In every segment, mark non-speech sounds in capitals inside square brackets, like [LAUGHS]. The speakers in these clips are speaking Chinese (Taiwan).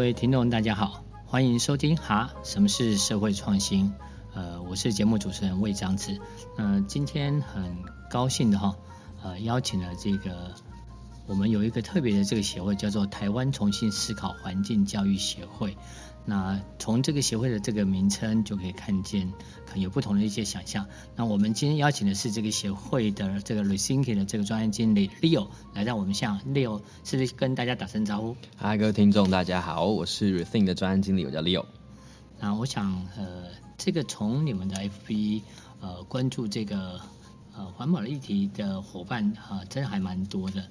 各位聽眾，大家好，歡迎收聽哈，什麼是社會創新？呃，我是節目主持人魏張子，嗯、呃，今天很高興的哈、哦，呃，邀請了這個，我們有一個特別的這個協會，叫做台灣重新思考環境教育協會。那從這個協會的這個名稱就可以看見，可能有不同的一些想象。那我們今天邀請的是這個協會的這個 RETHINK 的這個專案經理 Leo，來讓我們向 Leo 是不是跟大家打聲招呼？嗨，各位聽眾，大家好，我是 RETHINK 的專案經理，我叫 Leo。那我想，呃，這個從你們的 FB 呃關注這個呃環保議題的夥伴啊、呃，真的還蠻多的。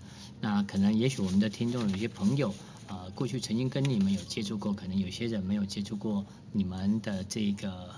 那可能也許我們的聽眾有些朋友。啊，過去曾經跟你們有接觸過，可能有些人沒有接觸過你們的這個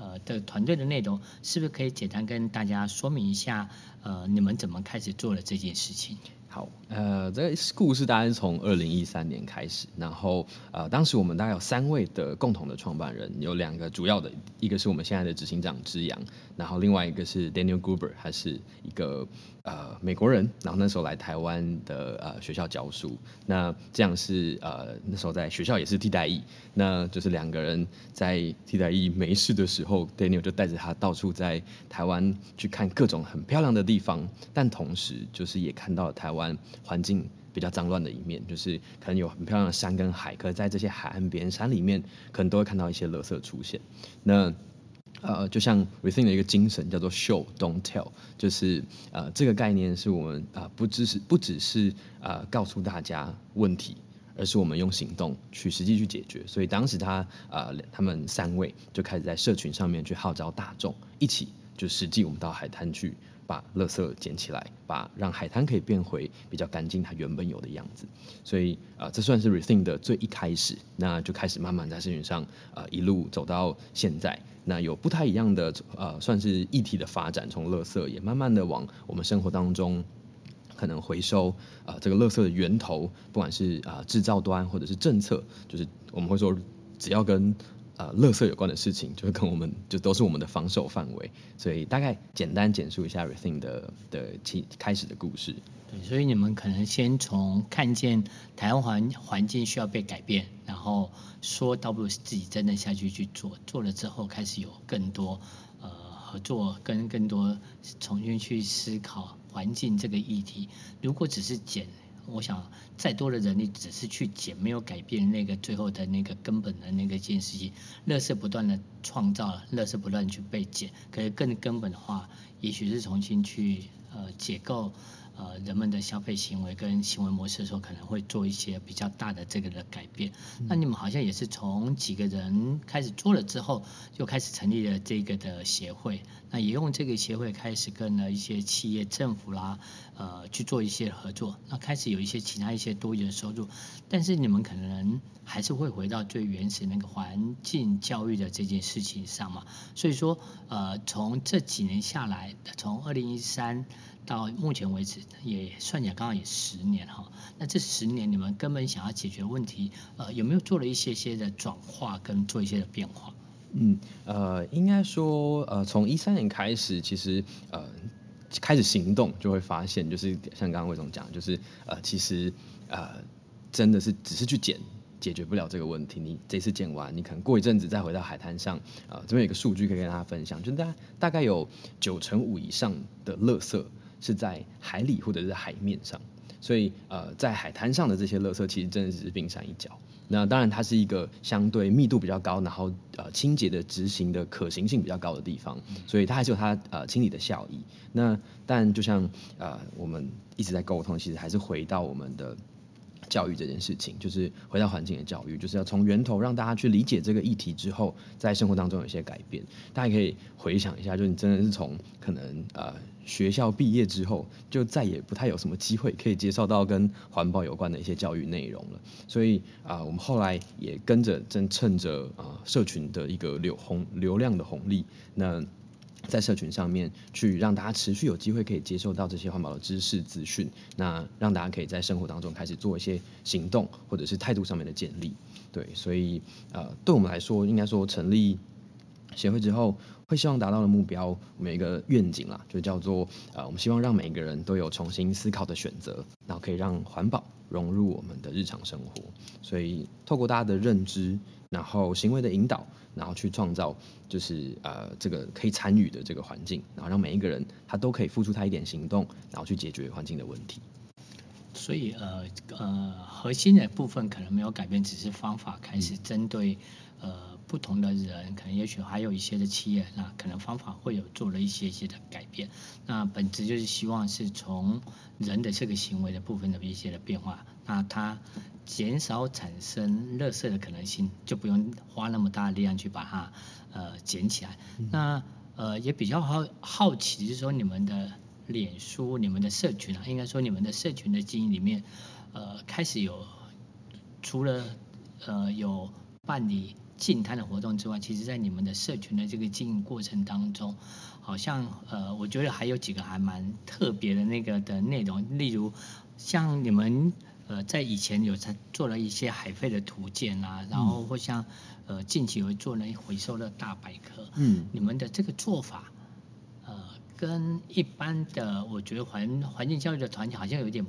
呃的團隊的內容，是不是可以簡單跟大家說明一下？呃，你們怎麼開始做了這件事情？好，呃，這個故事大概從二零一三年開始，然後呃，當時我們大概有三位的共同的創辦人，有兩個主要的，一個是我們現在的執行長之陽，然後另外一個是 Daniel Gruber，他是一個。呃，美國人，然後那時候來台灣的呃學校教書，那這樣是呃那時候在學校也是替代役，那就是兩個人在替代役沒事的時候，Daniel 就帶着他到處在台灣去看各種很漂亮的地方，但同時就是也看到了台灣環境比較髒亂的一面，就是可能有很漂亮的山跟海，可在這些海岸邊山裡面，可能都會看到一些垃圾出現，那。呃，uh, 就像 RE-THINK 的一個精神叫做 show don't tell，就是呃、uh, 這個概念是我們啊、uh, 不只是不只是呃、uh, 告訴大家問題，而是我們用行動去實際去解決。所以當時他啊、uh, 他們三位就開始在社群上面去號召大眾，一起就實際我們到海灘去。把垃圾撿起來，把讓海灘可以變回比較乾淨它原本有的樣子。所以啊、呃，這算是 RETHINK 的最一開始，那就開始慢慢在社群上啊、呃、一路走到現在。那有不太一樣的啊、呃，算是議題的發展，從垃圾也慢慢的往我們生活當中可能回收啊、呃，這個垃圾的源頭，不管是啊呃、製造端或者是政策，就是我們會說只要跟。呃，垃圾有關的事情，就跟我們就都是我們的防守範圍，所以大概簡單簡述一下 RETHINK 的的起開始的故事。對，所以你們可能先從看見台灣環環境需要被改變，然後說，倒不如自己真的下去去做，做了之後開始有更多呃合作，跟更多重新去思考環境這個議題。如果只是撿。我想，再多的人你只是去撿沒有改變那個最後的那個根本的那個一件事情。垃圾不斷的創造，垃圾不斷去被撿。可是更根本的話，也許是重新去呃解構呃人們的消費行為跟行為模式的時候，可能會做一些比較大的這個的改變。嗯、那你們好像也是從幾個人開始做了之後，就開始成立了這個的協會。那也用這個協會開始跟了一些企業、政府啦、啊，呃，去做一些合作。那開始有一些其他一些多元收入，但是你們可能還是會回到最原始那個環境教育的這件事情上嘛。所以說，呃，從這幾年下來，從二零一三到目前為止，也算起來剛好也十年哈。那這十年你們根本想要解決問題，呃，有沒有做了一些些的轉化跟做一些的變化？嗯，呃，應該說，呃，從一三年開始，其實，呃，開始行動就會發現，就是像剛剛魏總講，就是，呃，其實，呃，真的是只是去撿，解決不了這個問題。你這次撿完，你可能過一陣子再回到海灘上，啊、呃，這邊有個數據可以跟大家分享，就大大概有九成五以上的垃圾是在海裡或者是海面上，所以，呃，在海灘上的這些垃圾其實真的是冰山一角。那當然，它是一個相對密度比較高，然後呃清潔的執行的可行性比較高的地方，所以它還是有它呃清理的效益。那但就像呃我們一直在溝通，其實還是回到我們的教育這件事情，就是回到環境的教育，就是要從源頭讓大家去理解這個議題之後，在生活當中有一些改變。大家可以回想一下，就是你真的是從可能呃。學校畢業之後，就再也不太有什麼機會可以接受到跟環保有關的一些教育內容了。所以啊、呃，我們後來也跟着，正趁着啊、呃、社群的一個流紅流量的紅利，那在社群上面去讓大家持續有機會可以接受到這些環保的知識資訊，那讓大家可以在生活當中開始做一些行動或者是態度上面的建立。對，所以啊、呃，對我們來說，應該說成立協會之後。會希望達到的目標，我們有一個願景啦，就叫做呃，我們希望讓每一個人都有重新思考的選擇，然後可以讓環保融入我們的日常生活。所以，透過大家的認知，然後行為的引導，然後去創造，就是呃，這個可以參與的這個環境，然後讓每一個人他都可以付出他一點行動，然後去解決環境的問題。所以，呃呃，核心的部分可能沒有改變，只是方法開始針對呃。嗯不同的人，可能也許還有一些的企業，那可能方法會有做了一些些的改變。那本質就是希望是從人的這個行為的部分的一些的變化，那它減少產生垃圾的可能性，就不用花那麼大力量去把它呃撿起來。那呃也比較好好奇，就是說你們的臉書，你們的社群啊，應該說你們的社群的經營裡面，呃，開始有除了呃有辦理淨灘的活動之外，其實在你們的社群的這個經營過程當中，好像呃，我覺得還有幾個還蠻特別的那個的內容，例如像你們呃在以前有才做了一些海廢的圖鑑啊，然後或像、嗯、呃近期有做了回收的大百科，嗯，你們的這個做法呃跟一般的我覺得環環境教育的團體好像有點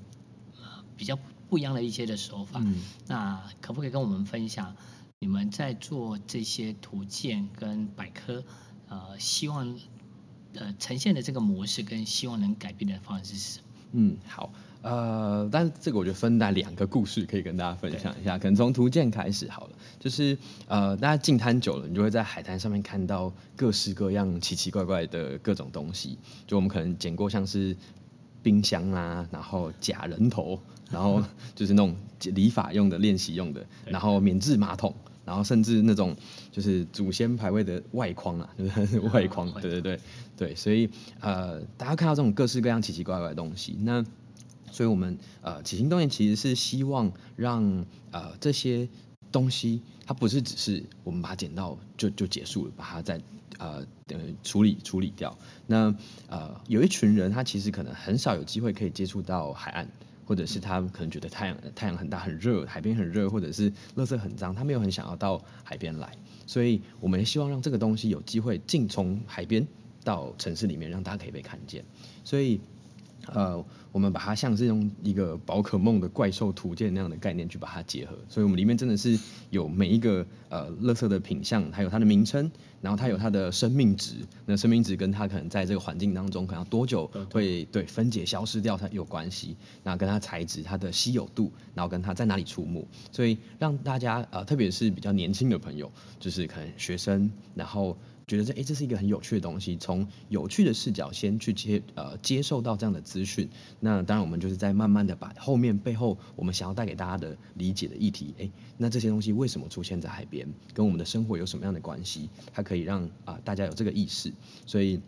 呃比較不一樣的一些的手法，嗯，那可不可以跟我們分享？你們在做這些圖鑑跟百科，呃，希望呃呈現的這個模式跟希望能改變的方式是什麼？嗯，好，呃，但這個我覺得分在兩個故事可以跟大家分享一下，對可能從圖鑑開始好了。就是呃，大家淨灘久了，你就會在海灘上面看到各式各樣奇奇怪怪的各種東西。就我們可能撿過像是冰箱啊，然後假人頭， [LAUGHS] 然後就是那種理髮用的練習用的，用的對然後免治馬桶。然後甚至那種就是祖先牌位的外框啊，對不對？外框，對對對，對，所以呃，大家看到這種各式各樣奇奇怪怪的東西，那所以我們呃起心動念其實是希望讓呃這些東西，它不是只是我們把它撿到就就結束了，把它再呃，呃處理處理掉。那呃有一群人他其實可能很少有機會可以接觸到海岸。或者是他可能覺得太陽太陽很大很熱，海邊很熱，或者是垃圾很髒，他沒有很想要到海邊來，所以我們希望讓這個東西有機會進從海邊到城市裡面，讓大家可以被看見，所以，的呃。我們把它像是用一個寶可夢的怪獸圖鑑那樣的概念去把它結合，所以我們裡面真的是有每一個呃垃圾，的品相，還有它的名稱，然後它有它的生命值，那生命值跟它可能在這個環境當中可能要多久，嗯、會對分解消失掉它有關係，那跟它材質、它的稀有度，然後跟它在哪裡出沒，所以讓大家呃，特別是比較年輕的朋友，就是可能學生，然後。覺得這誒，這是一個很有趣的東西，從有趣的視角先去接呃接受到這樣的資訊，那當然我們就是在慢慢的把後面背後我們想要帶給大家的理解的議題，誒，那這些東西為什麼出現在海邊，跟我們的生活有什麼樣的關係，它可以讓啊、呃、大家有這個意識，所以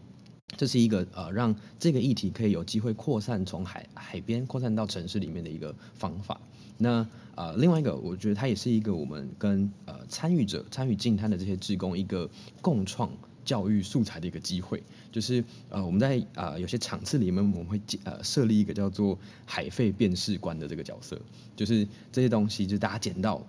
這是一個呃讓這個議題可以有機會擴散從海海邊擴散到城市裡面的一個方法，那。啊、呃，另外一個，我覺得它也是一個我們跟呃參與者參與淨灘的這些志工一個共創教育素材的一個機會，就是呃我們在啊、呃、有些場次裡面，我們會呃設立一個叫做海廢辨識官的這個角色，就是這些東西就大家撿到。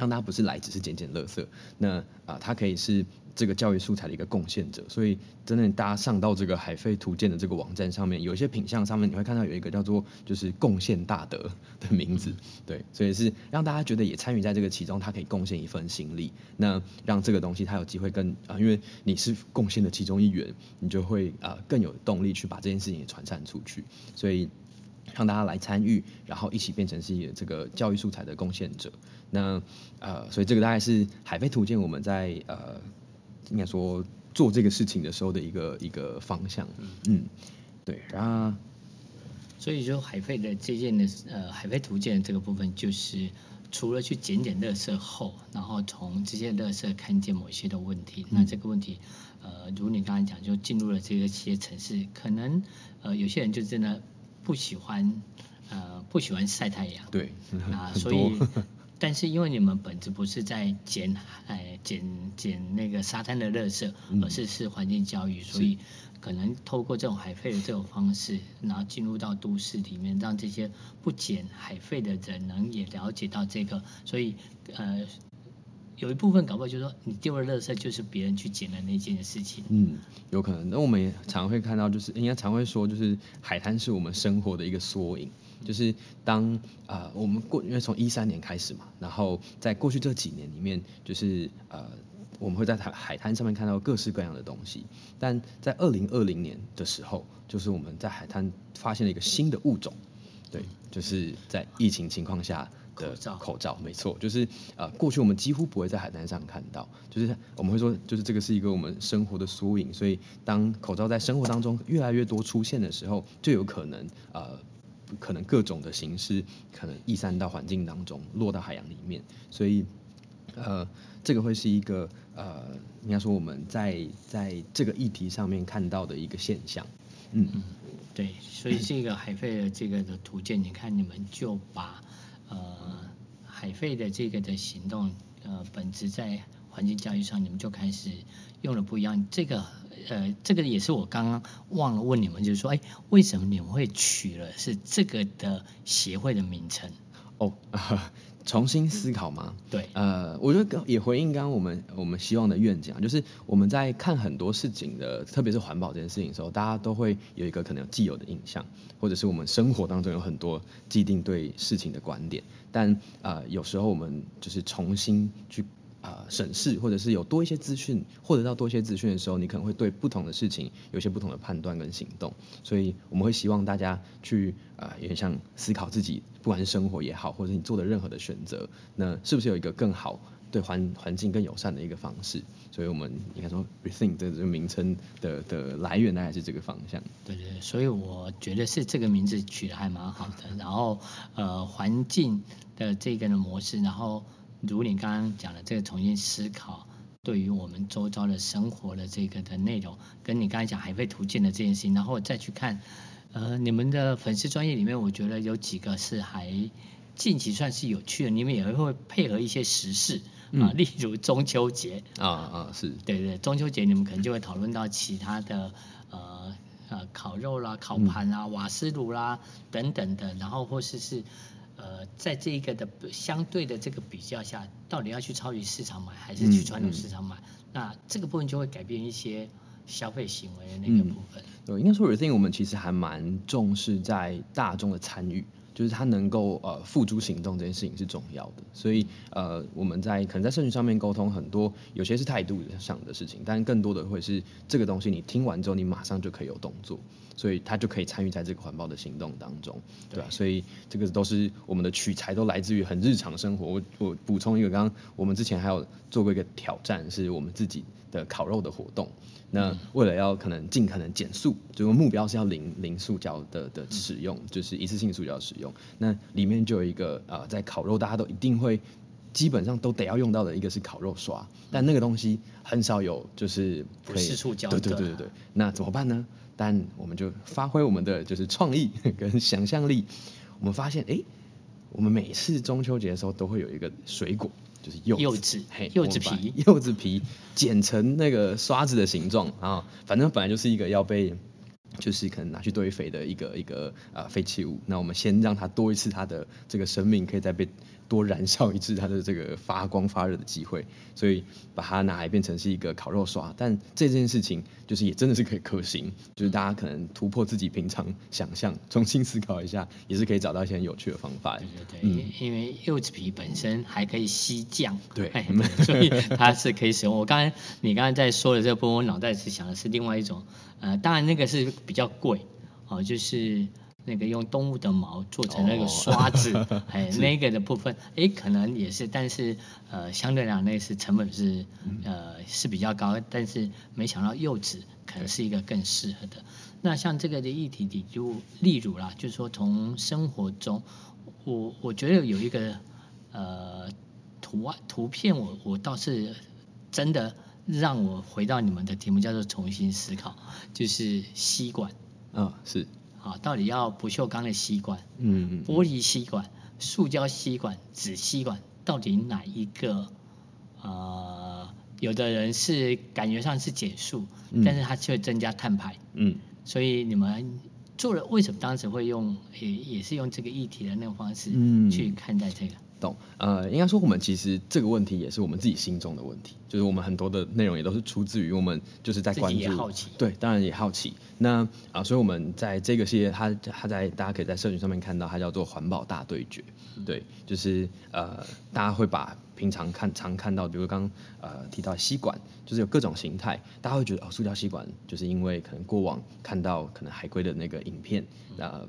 讓大家不是來只是撿撿垃圾，那啊、呃，他可以是這個教育素材的一個貢獻者，所以真的大家上到這個海廢圖鑑的這個網站上面，有一些品項，上面你會看到有一個叫做就是貢獻大德的名字，對，所以是讓大家覺得也參與在這個其中，他可以貢獻一份心力，那讓這個東西他有機會跟啊、呃，因為你是貢獻的其中一員，你就會啊、呃、更有動力去把這件事情也傳散出去，所以。讓大家來參與，然後一起變成是個這個教育素材的貢獻者。那呃，所以這個大概是海廢圖鑑我們在呃應該說做這個事情的時候的一個一個方向。嗯，對、啊。然後所以說海廢的這件的呃海廢圖鑑這個部分，就是除了去撿撿垃圾後，然後從這些垃圾看見某些的問題。嗯、那這個問題呃，如你剛才講，就進入了這企業城市，可能呃有些人就真的。不喜歡，呃，不喜歡曬太陽。對，啊、呃，很多 所以，但是因為你們本質不是在撿，哎，撿撿那個沙灘的垃圾，而是是環境教育，所以可能透過這種海廢的這種方式，然後進入到都市裡面，讓這些不撿海廢的人能也了解到這個，所以，呃。有一部分搞不好就是說，你丟了垃圾就是別人去撿的那件事情，嗯。嗯，有可能。那我們也常會看到，就是應該常會說，就是海灘是我們生活的一個縮影。就是當啊、呃，我們過因為從一三年開始嘛，然後在過去這幾年裡面，就是呃，我們會在海海灘上面看到各式各樣的東西。但在二零二零年的時候，就是我們在海灘發現了一個新的物種。對，就是在疫情情況下。的口罩，口罩沒錯，就是、呃、過去我們幾乎不會在海灘上看到，就是我們會說，就是這個是一個我們生活的縮影，所以當口罩在生活當中越來越多出現的時候，就有可能呃，可能各種的形式可能逸散到環境當中，落到海洋裡面，所以呃，這個會是一個呃，應該說我們在在這個議題上面看到的一個現象，嗯嗯，對，所以這個海廢的這個的圖鑑， [COUGHS] 你看你們就把。呃，海廢的這個的行動，呃，本質在環境教育上，你們就開始用了不一樣。這個，呃，這個也是我剛剛忘了問你們，就是說，哎、欸，為什麼你們會取了是這個的協會的名稱？哦、oh, uh。重新思考嗎？對，呃，我覺得也回應剛剛我們我們希望的願景啊，就是我們在看很多事情的，特別是環保這件事情的時候，大家都會有一個可能有既有的印象，或者是我們生活當中有很多既定對事情的觀點，但呃，有時候我們就是重新去。啊，審、呃、視或者是有多一些資訊，獲得到多一些資訊的時候，你可能會對不同的事情有些不同的判斷跟行動。所以我們會希望大家去啊、呃，也像思考自己，不管是生活也好，或者你做的任何的選擇，那是不是有一個更好對環環境更友善的一個方式？所以我們應該說 rethink 這個名稱的的來源，呢，還是這個方向。對對，對所以我覺得是這個名字取得還蠻好的。好，然後呃，環境的這個模式，然後。如你剛剛講的，這個重新思考，對於我們周遭的生活的這個的內容，跟你剛才講海廢圖鑑的這件事情，然後再去看，呃，你們的粉絲專頁裡面，我覺得有幾個是還近期算是有趣的，你們也會配合一些時事啊、呃，嗯、例如中秋節啊，啊啊是對，對對中秋節你們可能就會討論到其他的呃呃、啊、烤肉啦、烤盤啊、瓦斯爐啦等等的，然後或者是，是。呃，在這一個的相對的這個比較下，到底要去超級市場買還是去傳統市場買？場買嗯嗯、那這個部分就會改變一些消費行為的那個部分。嗯、對，應該說我，我們其實還蠻重視在大眾的參與，就是他能夠呃付諸行動這件事情是重要的。所以呃，我們在可能在社群上面溝通很多，有些是態度上的事情，但更多的會是這個東西，你聽完之後你馬上就可以有動作。所以他就可以參與在這個環保的行動當中，對吧、啊？對。所以這個都是我們的取材都來自於很日常生活。我我補充一個，剛剛我們之前還有做過一個挑戰，是我們自己的烤肉的活動。那為了要可能盡可能減速，這個目標是要零零塑膠的的使用，嗯、就是一次性塑膠使用。那裡面就有一個啊、呃，在烤肉大家都一定會。基本上都得要用到的一個是烤肉刷，但那個東西很少有，就是可以對對對對對對。那怎麼辦呢？但我們就發揮我們的就是創意跟想象力我們發現哎、欸，我們每次中秋節的時候都會有一個水果，就是柚子柚子，嘿，柚子皮，柚子皮剪成那個刷子的形狀啊，反正本來就是一個要被就是可能拿去堆肥的一個一個啊廢棄物，那我們先讓它多一次它的這個生命，可以再被。多燃燒一次它的這個發光發熱的機會，所以把它拿來變成是一個烤肉刷，但這件事情就是也真的是可以可行，就是大家可能突破自己平常想象，重新思考一下，也是可以找到一些很有趣的方法。對，對，對，嗯，因為柚子皮本身還可以吸醬對，對，所以它是可以使用。 [LAUGHS] 我剛才你剛才在說的這部分，我腦袋是想的是另外一種，呃，當然那個是比較貴，哦，就是。那個用動物的毛做成那個刷子，哎，那個的部分，哎，可能也是，但是，呃，相對來講那是成本是，呃，是比較高，但是沒想到柚子可能是一個更適合的。那像這個的議題，你就例如啦，就是說從生活中，我我覺得有一個，呃，圖、啊、圖片我，我我倒是真的讓我回到你們的題目叫做重新思考，就是吸管。嗯、哦，是。啊，到底要不鏽鋼的吸管，嗯，玻璃吸管、塑膠吸管、紙吸管，到底哪一個？呃，有的人是感覺上是減塑，但是他卻增加碳排。嗯，所以你們做了，為什麼當時會用也也是用這個議題的那個方式去看待這個？懂，呃，應該說我們其實這個問題也是我們自己心中的問題，就是我們很多的內容也都是出自於我們就是在關注，好奇對，當然也好奇。那啊、呃，所以我們在這個系列，它它在大家可以在社群上面看到，它叫做環保大對決，是對，就是呃，大家會把平常看常看到，比如說剛呃提到吸管，就是有各種形態，大家會覺得哦，塑膠吸管，就是因為可能過往看到可能海龜的那個影片，啊、嗯。呃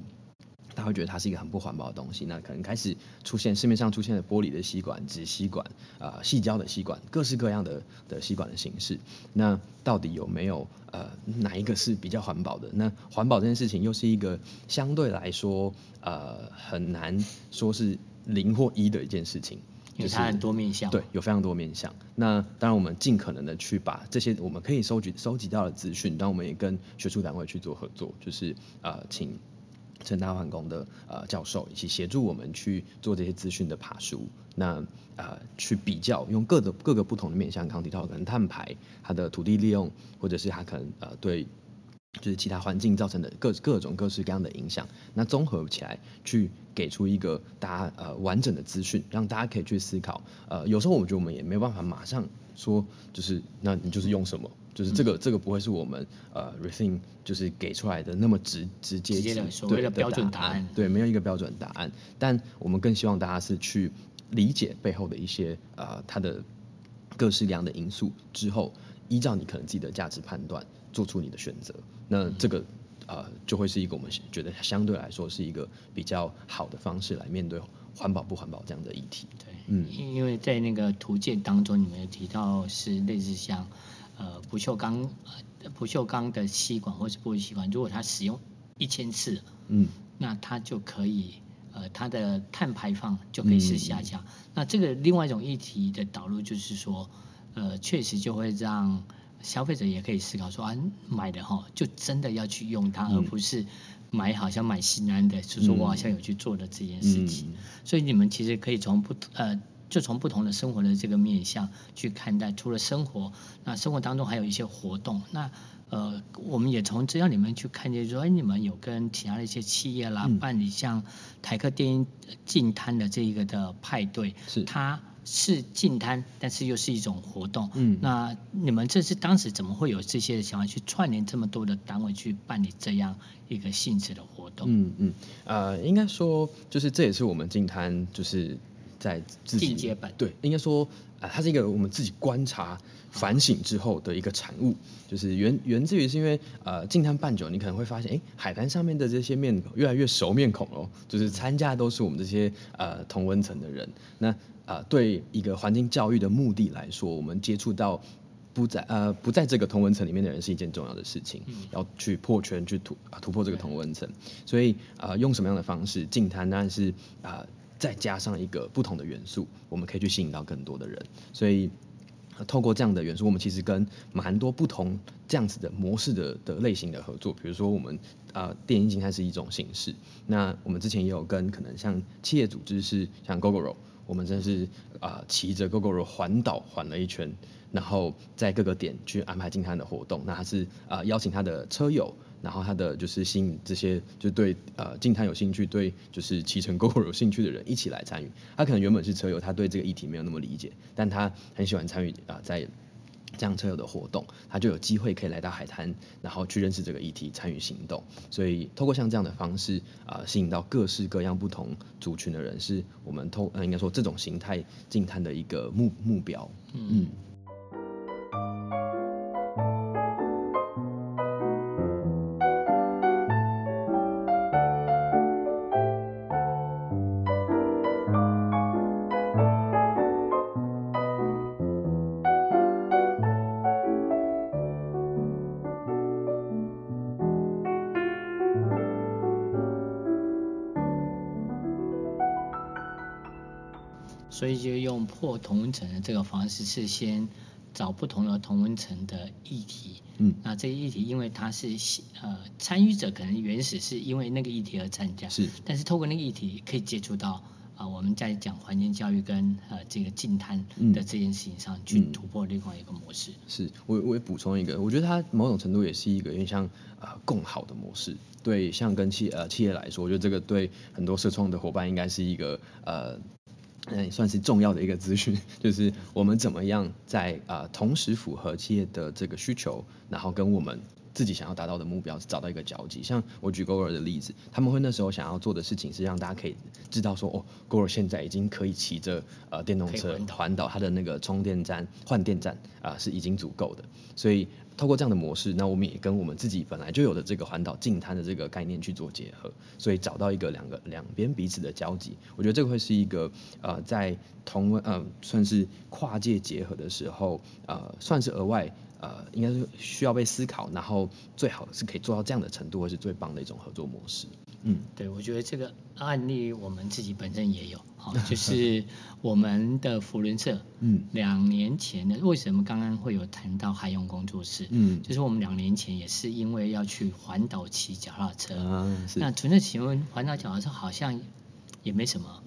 他會覺得它是一個很不環保的東西，那可能開始出現市面上出現的玻璃的吸管、紙吸管、啊、呃，矽膠的吸管，各式各樣的的吸管的形式。那到底有沒有呃，哪一個是比較環保的？那環保這件事情又是一個相對來說呃，很難說是零或一的一件事情，就是它很多面向。對，有非常多面向。那當然我們盡可能的去把這些我們可以收集收集到的資訊，當然我們也跟學術單位去做合作，就是呃……請。成大化工的呃教授，一起協助我們去做這些資訊的爬梳，那呃去比較，用各個各個不同的面向，康體套可能碳排，它的土地利用，或者是它可能呃對就是其他環境造成的各各種各式各樣的影響，那綜合起來去給出一個大家呃完整的資訊，讓大家可以去思考，呃有時候我覺得我們也沒辦法馬上說就是那你就是用什麼。就是這個，嗯、這個不會是我們呃，rethink 就是給出來的那麼直直接、直接的所謂的標準答案。對，標準答案對，沒有一個標準答案，嗯、但我們更希望大家是去理解背後的一些呃，它的各式各樣的因素之後，依照你可能自己的價值判斷做出你的選擇。那這個、嗯、呃，就會是一個我們覺得相對來說是一個比較好的方式來面對環保不環保這樣的議題。對，嗯，因為在那個圖鑑當中，你們提到是類似像。呃，不鏽鋼呃，不鏽鋼的吸管或是玻璃吸管，如果它使用一千次，嗯，那它就可以呃，它的碳排放就可以是下降。嗯、那這個另外一種議題的導入就是說，呃，確實就會讓消費者也可以思考說啊，買的齁就真的要去用它，而不是買好像買心安的，嗯、就說我好像有去做的這件事情。嗯、所以你們其實可以從不呃。就從不同的生活的這個面向去看待，除了生活，那生活當中還有一些活動。那呃，我們也從資料裡面去看見說，哎，你們有跟其他的一些企業啦、嗯、辦理像台客電影，淨灘的這一個的派對，是它是淨灘，但是又是一種活動。嗯，那你們這是當時怎麼會有這些想要去串聯這麼多的單位去辦理這樣一個性質的活動？嗯嗯，呃，應該說就是這也是我們淨灘就是。在自己對，應該說，啊，它是一個我們自己觀察、反省之後的一個產物，就是源源，源自於是因為，呃，淨灘辦久，你可能會發現，哎，海灘上面的這些面孔越來越熟面孔哦，就是參加的都是我們這些呃同溫層的人，那呃，對一個環境教育的目的來說，我們接觸到不在呃不在這個同溫層裡面的人是一件重要的事情，要去破圈去突、突破這個同溫層，所以呃，用什麼樣的方式淨灘當然是呃。再加上一個不同的元素，我們可以去吸引到更多的人。所以，呃、透過這樣的元素，我們其實跟蠻多不同這樣子的模式的的類型的合作。比如說，我們啊、呃，電影靜態是一種形式。那我們之前也有跟可能像企業組織是像 Gogoro，我們真是啊騎、呃、着 Gogoro 環島環了一圈，然後在各個點去安排靜態的活動。那他是啊、呃、邀請他的車友。然後他的就是吸引這些就對呃淨灘有興趣、對就是騎乘公路有興趣的人一起來參與。他可能原本是車友，他對這個議題沒有那麼理解，但他很喜歡參與啊、呃，在這樣車友的活動，他就有機會可以來到海灘，然後去認識這個議題，參與行動。所以透過像這樣的方式啊、呃，吸引到各式各樣不同族群的人，是我們透呃應該說這種形態淨灘的一個目目標。嗯。嗯所以就用破同溫層的這個方式，是先找不同的同溫層的議題。嗯，那這個議題，因為它是呃參與者可能原始是因為那個議題而參加。是。但是透過那個議題可以接觸到啊、呃，我們在講環境教育跟呃這個淨灘的這件事情上去突破另外一個模式。嗯嗯、是，我我也補充一個，我覺得它某種程度也是一個因為像呃共好的模式。對，像跟企呃企業來說，我覺得這個對很多社創的夥伴應該是一個呃。哎，算是重要的一個資訊，就是我們怎麼樣在啊、呃、同時符合企業的這個需求，然後跟我們。自己想要達到的目標是找到一個交集，像我舉 Gogoro 的例子，他們會那時候想要做的事情是讓大家可以知道說，哦，Gogoro 現在已經可以騎着呃電動車環島，它的那個充電站、換電站啊、呃、是已經足夠的，所以透過這樣的模式，那我們也跟我們自己本來就有的這個環島淨灘的這個概念去做結合，所以找到一個兩個兩邊彼此的交集，我覺得這個會是一個呃在同呃算是跨界結合的時候，呃算是額外。呃，應該是需要被思考，然後最好是可以做到這樣的程度，或是最棒的一種合作模式。嗯，對，我覺得這個案例我們自己本身也有，好，就是我們的扶輪社，嗯，兩年前呢，為什麼剛剛會有談到海洋工作室，嗯，就是我們兩年前也是因為要去環島騎腳踏車，嗯、啊，那純粹請問環島腳踏車好像也沒什麼。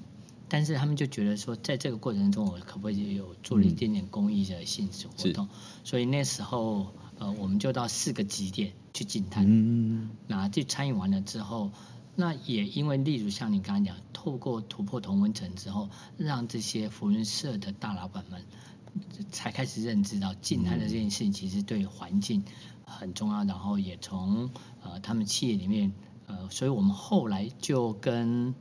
但是他們就覺得說，在這個過程中，我可不可以有做了一點點公益的性質活動，嗯？所以那時候，呃，我們就到四個基點去淨灘。嗯嗯、那就參與完了之後，那也因為，例如像你剛剛講，透過突破同文層之後，讓這些福仁社的大老闆們才開始認知到淨灘的這件事情其實對環境很重要。嗯、然後也從呃他們企業裡面，呃，所以我們後來就跟。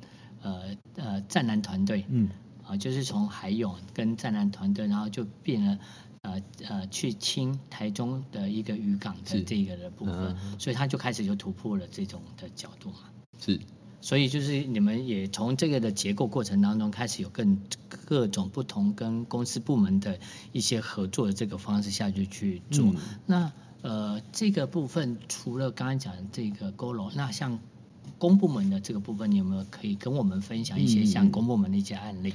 呃呃，戰南團隊，嗯，啊、呃，就是從海勇跟戰南團隊，然後就變了，呃呃，去清台中的一個漁港的這個的部分，啊、所以他就開始就突破了這種的角度嘛。是，所以就是你們也從這個的結構過程當中，開始有更各種不同跟公司部門的一些合作的這個方式下去去做。嗯、那呃，這個部分除了剛剛講的這個高樓，那像。公部門的這個部分，你有沒有可以跟我們分享一些像公部門的一些案例？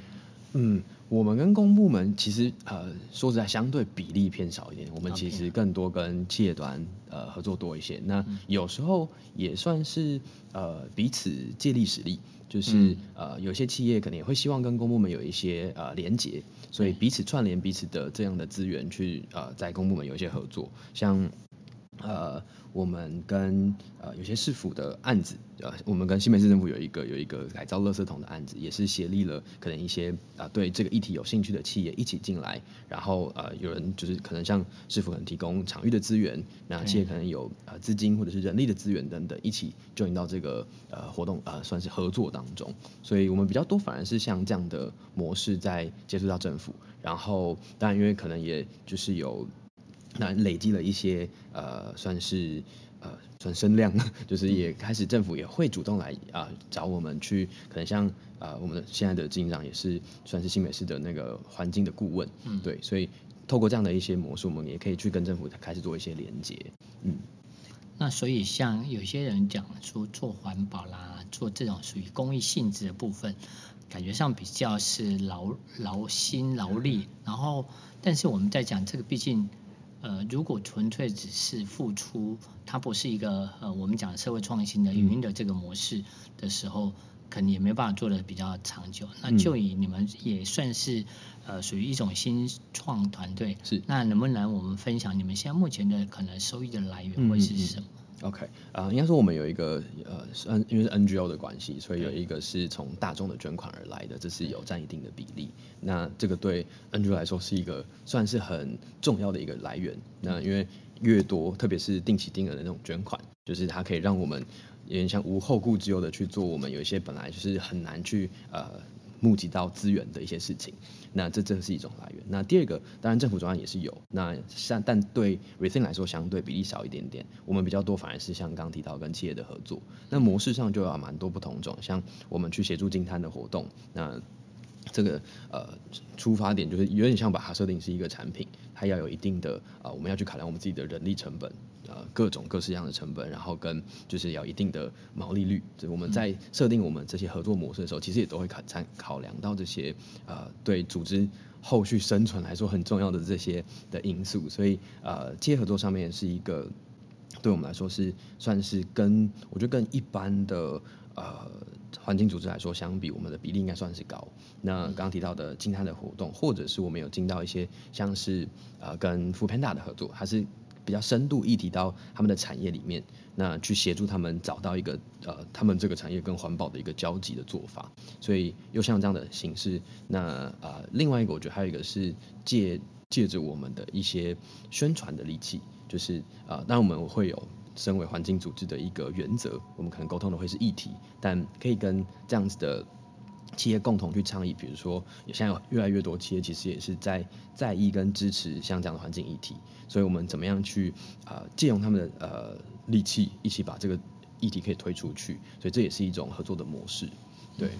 嗯，我們跟公部門其實呃，說實在，相對比例偏少一點。我們其實更多跟企業端呃合作多一些。那有時候也算是呃彼此借力使力，就是呃有些企業可能也會希望跟公部門有一些呃連結，所以彼此串聯彼此的這樣的資源去呃在公部門有一些合作，像。呃，我們跟呃有些市府的案子，呃，我們跟新北市政府有一個有一個改造垃圾桶的案子，也是協力了可能一些啊、呃、對這個議題有興趣的企業一起進來，然後呃有人就是可能像市府可能提供場域的資源，那企業可能有啊、呃、資金或者是人力的資源等等一起 join 到這個呃活動呃算是合作當中，所以我們比較多反而是像這樣的模式在接觸到政府，然後當然因為可能也就是有。那累積了一些，呃，算是呃，產生量，就是也開始政府也會主動來啊找我們去，可能像啊、呃，我們的現在的經營長也是算是新美式的那個環境的顧問，嗯，對，所以透過這樣的一些模式，我們也可以去跟政府開始做一些連接，嗯，那所以像有些人講說做環保啦，做這種屬於公益性質的部分，感覺上比較是勞勞心勞力，嗯、然後但是我們在講這個，畢竟。呃，如果純粹只是付出，它不是一個呃，我們講社會創新的、運營的這個模式的時候，可能也沒辦法做得比較長久。那就以你們也算是呃，屬於一種新創團隊，是那能不能我們分享你們現在目前的可能收益的來源會是什麼？嗯嗯嗯 OK，啊、呃，應該說我們有一個呃算，因為是 NGO 的關係，所以有一個是從大眾的捐款而來的，這是有佔一定的比例。那這個對 NGO 來說是一個算是很重要的一個來源。那因為越多，特別是定期定額的那種捐款，就是它可以讓我們也像無後顧之憂的去做。我們有一些本來就是很難去呃。募集到資源的一些事情，那這這是一種來源。那第二個，當然政府專案也是有，那像，但對 RETHINK 來說相對比例少一點點。我們比較多反而是像剛提到跟企業的合作。那模式上就有蠻多不同種，像我們去協助淨灘的活動，那這個呃出發點就是有點像把它設定是一個產品。它要有一定的啊、呃，我們要去考量我們自己的人力成本，啊、呃，各種各式樣的成本，然後跟就是要有一定的毛利率，所以我們在設定我們這些合作模式的時候，嗯、其實也都會考參考量到這些啊、呃，對組織後續生存來說很重要的這些的因素，所以啊，接、呃、合作上面是一個對我們來說是算是跟我覺得跟一般的啊。呃環境組織來說，相比我們的比例應該算是高。那剛剛提到的淨灘的活動，或者是我們有進到一些像是呃跟 Foodpanda 的合作，還是比較深度議題到他們的產業裡面，那去協助他們找到一個呃他們這個產業跟環保的一個交集的做法。所以又像這樣的形式，那呃另外一個我覺得還有一個是借借着我們的一些宣傳的利器，就是呃當然我們會有。身為環境組織的一個原則，我們可能溝通的會是議題，但可以跟這樣子的企業共同去倡議。比如說，現在有越來越多企業其實也是在在意跟支持像這樣的環境議題，所以我們怎麼樣去啊借用他們的呃力氣，一起把這個議題可以推出去。所以這也是一種合作的模式，對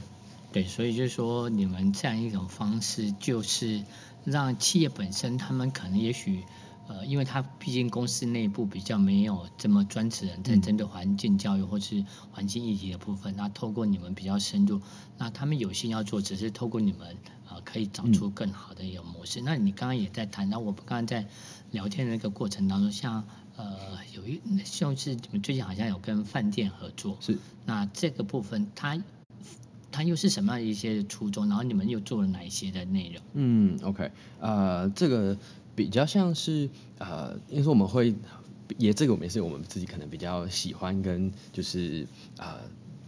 對，所以就是說，你們這樣一種方式，就是讓企業本身他們可能也許。呃，因為他畢竟公司內部比較沒有這麼專職人在針對環境教育或是環境議題的部分，那、嗯、透過你們比較深入，那他們有心要做，只是透過你們啊、呃，可以找出更好的一個模式。嗯、那你剛剛也在談到，那我們剛剛在聊天的那個過程當中，像呃，有一像是你們最近好像有跟飯店合作，是，那這個部分它它又是什麼樣一些初衷？然後你們又做了哪一些的內容？嗯，OK，呃，這個。比較像是呃，因為說我們會也這個我們也是我們自己可能比較喜歡跟就是呃，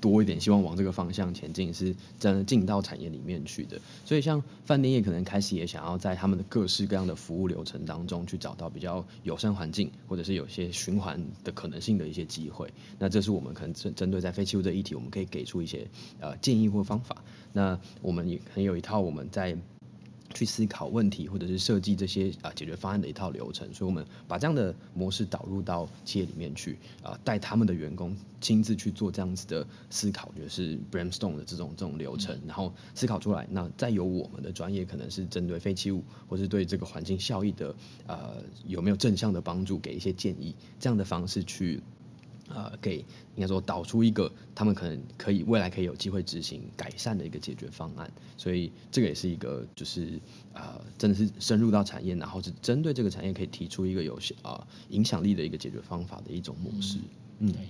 多一點，希望往這個方向前進，是真進到產業裡面去的。所以像飯店業可能開始也想要在他們的各式各樣的服務流程當中去找到比較友善環境或者是有些循環的可能性的一些機會。那這是我們可能針對在廢棄物的議題，我們可以給出一些呃建議或方法。那我們也很有一套我們在，去思考問題，或者是設計這些啊、呃、解決方案的一套流程，所以我們把這樣的模式導入到企業裡面去啊，帶、呃、他們的員工親自去做這樣子的思考，就是 brainstorm 的這種這種流程，然後思考出來，那再由我們的專業可能是針對廢棄物，或是對這個環境效益的啊、呃、有沒有正向的幫助，給一些建議，這樣的方式去。呃，給應該說導出一個他們可能可以未來可以有機會執行改善的一個解決方案，所以這個也是一個就是呃，真的是深入到產業，然後是針對這個產業可以提出一個有效啊、呃、影響力的一個解決方法的一種模式。嗯，嗯對，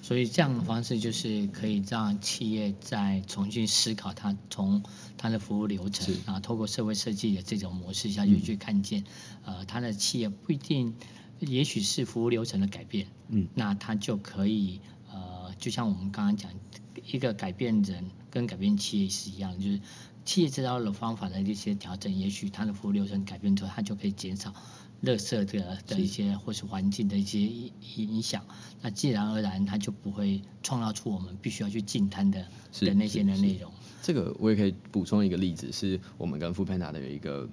所以這樣的方式就是可以讓企業在重新思考它從它的服務流程啊，是然後透過社會設計的這種模式下去去看見，嗯、呃，它的企業不一定。也許是服務流程的改變，嗯，那它就可以，呃，就像我們剛剛講，一個改變人跟改變企業是一樣，就是企業知道了方法的一些調整，也許它的服務流程改變之後，它就可以減少垃圾的的一些或是環境的一些影響，是那自然而然它就不會創造出我們必須要去淨灘的的那些的內容。這個我也可以補充一個例子，是我們跟 Foodpanda 的有一個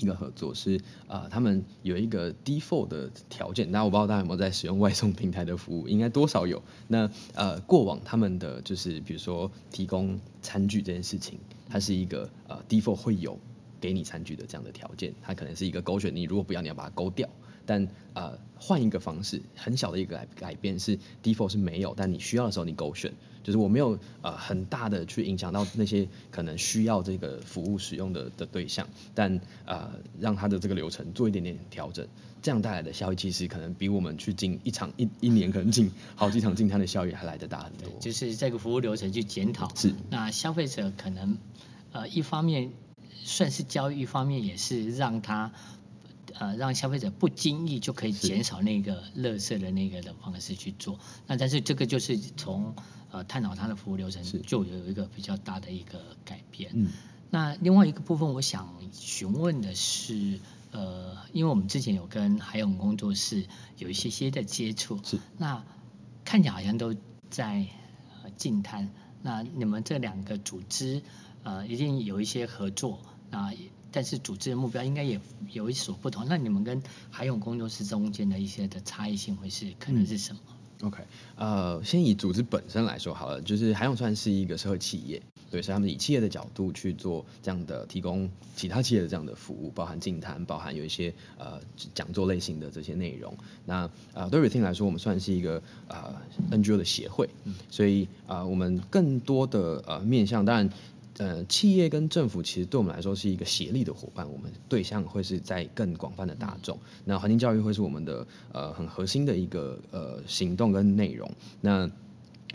一個合作是啊、呃，他們有一個 default 的條件，那我不知道大家有沒有在使用外送平台的服務，應該多少有。那呃過往他們的就是比如說提供餐具這件事情，它是一個呃 default 會有給你餐具的這樣的條件，它可能是一個勾選，你如果不要，你要把它勾掉。但呃，換一個方式，很小的一個改改變是，default 是沒有，但你需要的時候你勾選，就是我沒有呃很大的去影響到那些可能需要這個服務使用的的對象，但呃讓他的這個流程做一點點調整，這樣帶來的效益其實可能比我們去進一場一一年可能進好幾場進它的效益還來得大很多。就是這個服務流程去檢討，嗯，是。那消費者可能呃一方面算是教育，一方面也是讓他。呃，讓消費者不經意就可以減少那個垃圾的那個的方式去做。是 那但是這個就是從呃探討它的服務流程就有一個比較大的一個改變。是嗯、那另外一個部分，我想詢問的是，呃，因為我們之前有跟海永工作室有一些些的接觸，是是 那看起來好像都在，競探。那你們這兩個組織，呃，一定有一些合作，啊、呃，但是組織的目標應該也有一所不同。那你們跟海湧工作室中間的一些的差異性會是可能是什麼？OK，呃，先以組織本身來說好了，就是海湧算是一個社會企業，對，所以他們以企業的角度去做這樣的提供其他企業的這樣的服務，包含淨灘，包含有一些呃講座類型的這些內容。那呃，對於 RETHINK 來說，我們算是一個呃 NGO 的協會，所以啊、呃，我們更多的呃面向當然。呃，企業跟政府其實對我們來說是一個協力的夥伴，我們對象會是在更廣泛的大眾。嗯、那環境教育會是我們的呃很核心的一個呃行動跟內容。那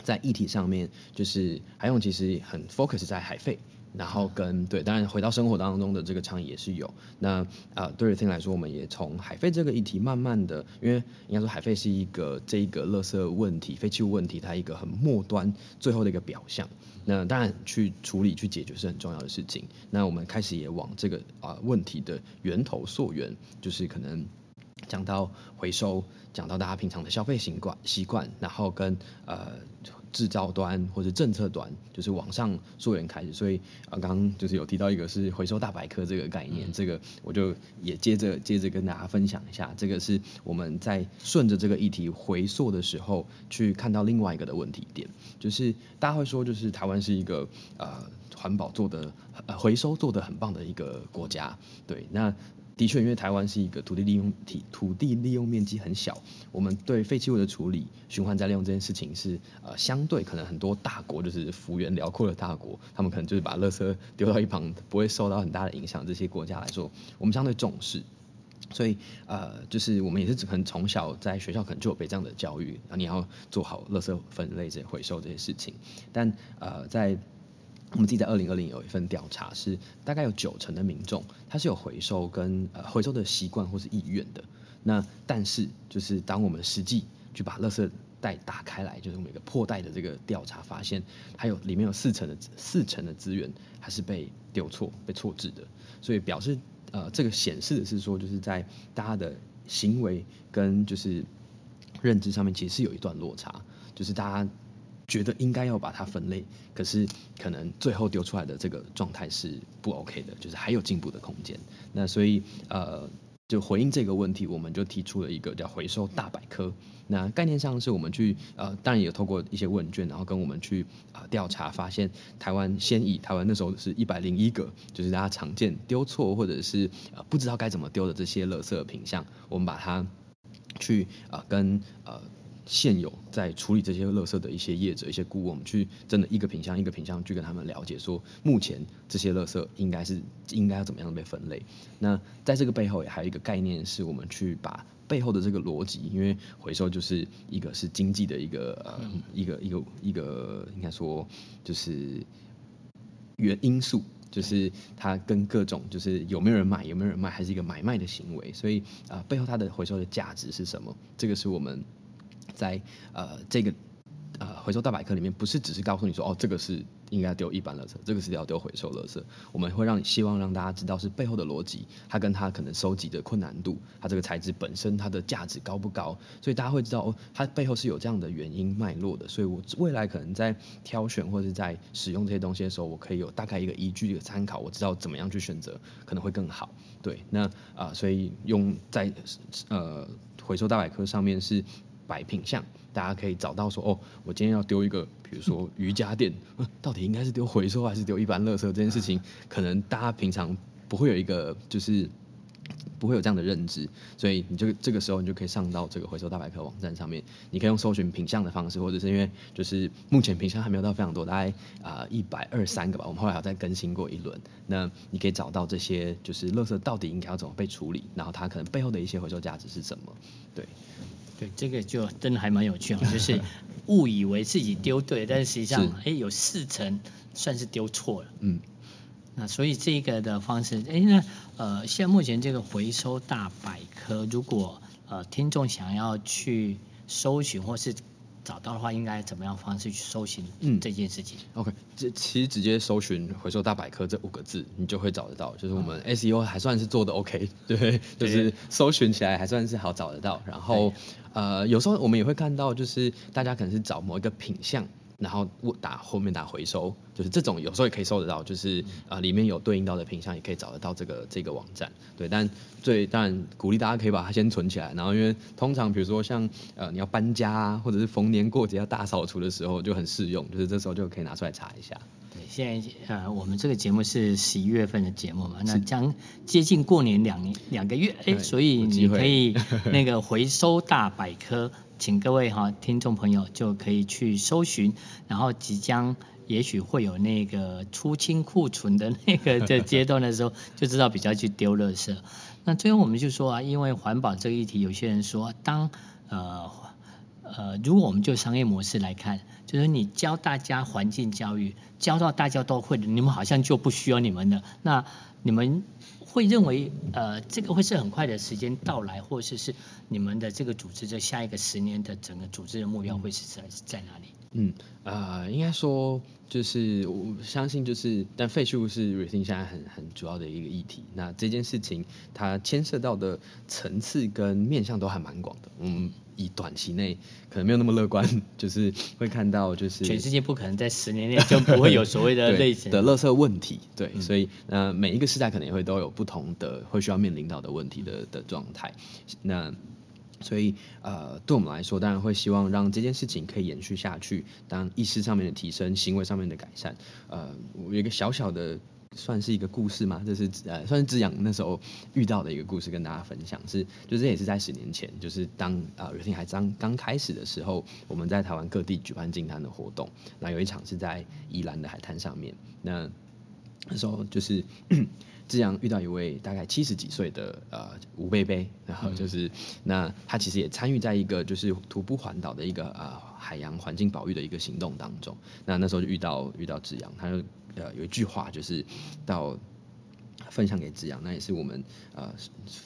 在議題上面，就是海雄其實很 focus 在海廢，然後跟、嗯、對，當然回到生活當中的這個倡議也是有。那啊、呃，對於 RETHINK 來說，我們也從海廢這個議題慢慢的，因為應該說海廢是一個這一個垃圾問題、廢棄物問題，它一個很末端最後的一個表象。那當然，去處理、去解決是很重要的事情。那我們開始也往這個啊、呃、問題的源頭溯源，就是可能講到回收，講到大家平常的消費習慣，習慣，然後跟呃。製造端或者政策端，就是往上溯源開始，所以啊，剛剛就是有提到一個是回收大百科這個概念，嗯、這個我就也接着接着跟大家分享一下，這個是我們在順着這個議題回溯的時候去看到另外一個的問題點，就是大家會說，就是台灣是一個呃環保做的呃回收做的很棒的一個國家，對，那。的確，因為台灣是一個土地利用體，土地利用面積很小，我們對廢棄物的處理、循環再利用這件事情是呃相對可能很多大國就是幅員遼闊的大國，他們可能就是把垃圾丟到一旁，不會受到很大的影響。這些國家來說，我們相對重視，所以呃，就是我們也是可能從小在學校可能就有被這樣的教育，然後你要做好垃圾分類、這些回收這些事情。但呃，在我們自己在二零二零有一份調查，是大概有九成的民眾，他是有回收跟、呃、回收的習慣或是意願的。那但是就是當我們實際去把垃圾袋打開來，就是每個破袋的這個調查發現，還有裡面有四成的四成的資源還是被丟錯、被錯置的。所以表示呃這個顯示的是說，就是在大家的行為跟就是認知上面，其實是有一段落差，就是大家。覺得應該要把它分類，可是可能最後丟出來的這個狀態是不 OK 的，就是還有進步的空間。那所以呃，就回應這個問題，我們就提出了一個叫回收大百科。那概念上是我們去呃，當然也透過一些問卷，然後跟我們去啊調、呃、查，發現台灣先以台灣那時候是一百零一個，就是大家常見丟錯或者是呃不知道該怎麼丟的這些垃圾的品項。我們把它去啊跟呃。跟呃現有在處理這些垃圾的一些業者、一些顧問，我們去真的一個品項一個品項去跟他們了解，說目前這些垃圾應該是應該要怎麼樣被分類。那在這個背後也還有一個概念，是我們去把背後的這個邏輯，因為回收就是一個是經濟的一個一個一個一個，一個應該說就是原因素，就是它跟各種就是有沒有人買、有沒有人賣，還是一個買賣的行為。所以啊、呃，背後它的回收的價值是什麼？這個是我們。在呃這個呃回收大百科裡面，不是只是告訴你說哦，這個是應該丟一般垃圾，這個是要丟回收垃圾。我們會讓你希望讓大家知道是背後的邏輯，它跟它可能收集，的困難度，它這個材質本身它的價值高不高，所以大家會知道哦，它背後是有這樣的原因脈絡的。所以我未來可能在挑選或是在使用這些東西的時候，我可以有大概一個依據的參考，我知道怎麼樣去選擇可能會更好。對，那啊、呃，所以用在呃回收大百科上面是。擺品項，大家可以找到說哦，我今天要丟一個，比如說瑜伽墊，啊，到底應該是丟回收還是丟一般垃圾？這件事情，可能大家平常不會有一個就是不會有這樣的認知，所以你就這個時候你就可以上到這個回收大百科網站上面，你可以用搜尋品項的方式，或者是因為就是目前品項還沒有到非常多，大概啊一百二三個吧，我們後來有再更新過一輪，那你可以找到這些就是垃圾到底應該要怎麼被處理，然後它可能背後的一些回收價值是什麼？對。對，這個就真的還蠻有趣啊，就是誤以為自己丟對，但是實際上，哎是、欸，有四成算是丟錯了。嗯，那所以這個的方式，哎、欸，那呃，現在目前這個回收大百科，如果呃聽眾想要去搜尋或是。找到的話，應該怎麼樣方式去搜尋這件事情、嗯、？OK，這其實直接搜尋“回收大百科”這五個字，你就會找得到。就是我們 SEO 還算是做得 OK，、嗯、對，就是搜尋起來還算是好找得到。然後，對呃，有時候我們也會看到，就是大家可能是找某一個品項。然後打後面打回收，就是這種有時候也可以搜得到，就是啊、呃、裡面有對應到的品項也可以找得到這個這個網站，對。但最但鼓勵大家可以把它先存起來，然後，因為通常比如說像呃你要搬家啊，或者是逢年過節要大掃除的時候就很適用，就是這時候就可以拿出來查一下。對，對，現在呃我們這個節目是十一月份的節目嘛，那將接近過年兩年兩個月，哎對、欸，所以你可以那個回收大百科。 [LAUGHS] 請各位哈聽眾朋友就可以去搜尋，然後即將也許會有那個出清庫存的那個的階段的時候， [LAUGHS] 就知道比較去丟垃圾。那最後我們就說啊，因為環保這個議題，有些人說，當呃呃，如果我們就商業模式來看，就是你教大家環境教育，教到大家都會的，你們好像就不需要你們了。那你們會認為，呃，這個會是很快的時間到來，或者是是你們的這個組織在下一個十年的整個組織的目標會是在在哪裡？嗯，呃，應該說就是，我相信就是，但廢樹是最近現在很很主要的一個議題。那這件事情它牽涉到的層次跟面向都還蠻廣的，嗯。嗯以短期內可能沒有那麼樂觀，就是會看到，就是全世界不可能在十年內就不會有所謂的類似的垃圾問題，對，所以那、呃、每一個時代可能也會都有不同的會需要面臨到的問題的的狀態，那所以呃，對我們來說，當然會希望讓這件事情可以延續下去，當意識上面的提升，行為上面的改善，呃，有一個小小的。算是一個故事嗎？這是呃，算是志揚那時候遇到的一個故事，跟大家分享。是，就這、是、也是在十年前，就是當啊，RETHINK、呃、還剛剛開始的時候，我們在台灣各地舉辦淨灘的活動。那有一場是在宜蘭的海灘上面。那那時候就是志揚遇到一位大概七十幾歲的呃吳伯伯，然後就是、嗯、那他其實也參與在一個就是徒步環島的一個啊、呃、海洋環境保育的一個行動當中。那那時候就遇到遇到志揚，他就。呃，有一句話就是到分享給子揚，那也是我們呃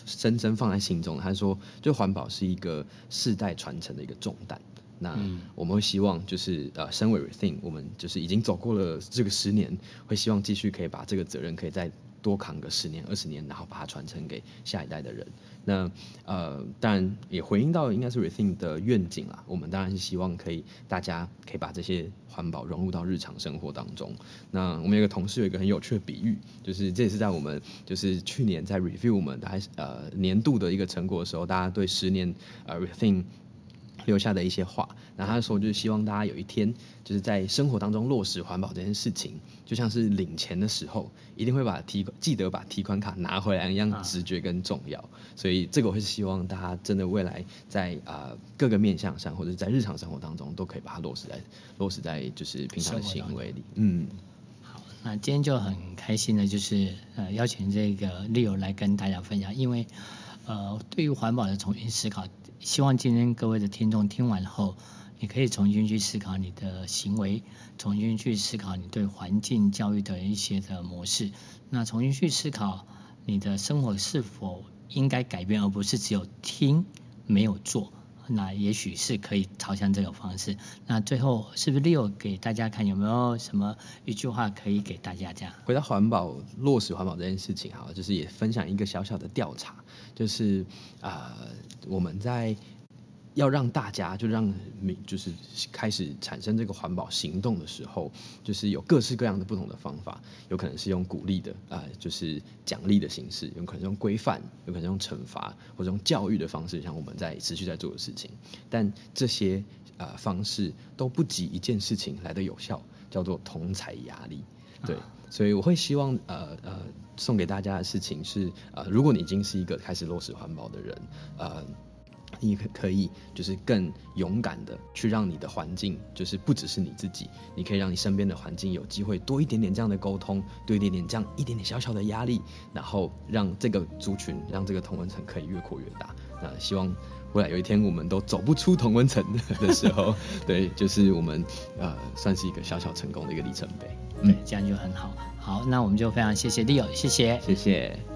深深放在心中的。他說，就環保是一個世代傳承的一個重擔，那我們會希望就是呃，身為 RETHINK 我們就是已經走過了這個十年，會希望繼續可以把這個責任可以再多扛個十年、二十年，然後把它傳承給下一代的人。那呃，當然也回應到應該是 rethink 的願景啦。我們當然是希望可以大家可以把這些環保融入到日常生活當中。那我們有一個同事有一個很有趣的比喻，就是這也是在我們就是去年在 review 我們大家呃年度的一個成果的時候，大家對十年呃 rethink。留下的一些話，然後他說，就是希望大家有一天就是在生活當中落實環保這件事情，就像是領錢的時候一定會把提款記得把提款卡拿回來一樣，直覺跟重要。啊、所以這個我會希望大家真的未來在啊、呃、各個面向上，或者在日常生活當中都可以把它落實在落實在就是平常的行為裡。嗯，好，那今天就很開心的就是呃邀請這個 Leo 來跟大家分享，因為呃對於環保的重新思考。希望今天各位的聽眾聽完後，你可以重新去思考你的行為，重新去思考你對環境教育的一些的模式，那重新去思考你的生活是否應該改變，而不是只有聽沒有做。那也許是可以朝向這個方式。那最後是不是留給大家看有沒有什麼一句話可以給大家這樣？回到環保，落實環保這件事情哈，就是也分享一個小小的調查，就是啊、呃，我們在。要讓大家就讓就是開始產生這個環保行動的時候，就是有各式各樣的不同的方法，有可能是用鼓勵的啊、呃，就是獎勵的形式；有可能是用規範，有可能用懲罰，或者用教育的方式，像我們在持續在做的事情。但這些啊、呃、方式都不及一件事情來得有效，叫做同儕壓力。對，啊、所以我會希望呃呃送給大家的事情是啊、呃，如果你已經是一個開始落實環保的人，呃。你可可以就是更勇敢的去讓你的環境，就是不只是你自己，你可以讓你身邊的環境有機會多一點點這樣的溝通，多一點點這樣一點點小小的壓力，然後讓這個族群，讓這個同溫層可以越擴越大。那希望未來有一天我們都走不出同溫層的時候， [LAUGHS] 對，就是我們呃算是一個小小成功的一個里程碑。嗯、對，這樣就很好。好，那我們就非常謝謝利友，謝謝，謝謝。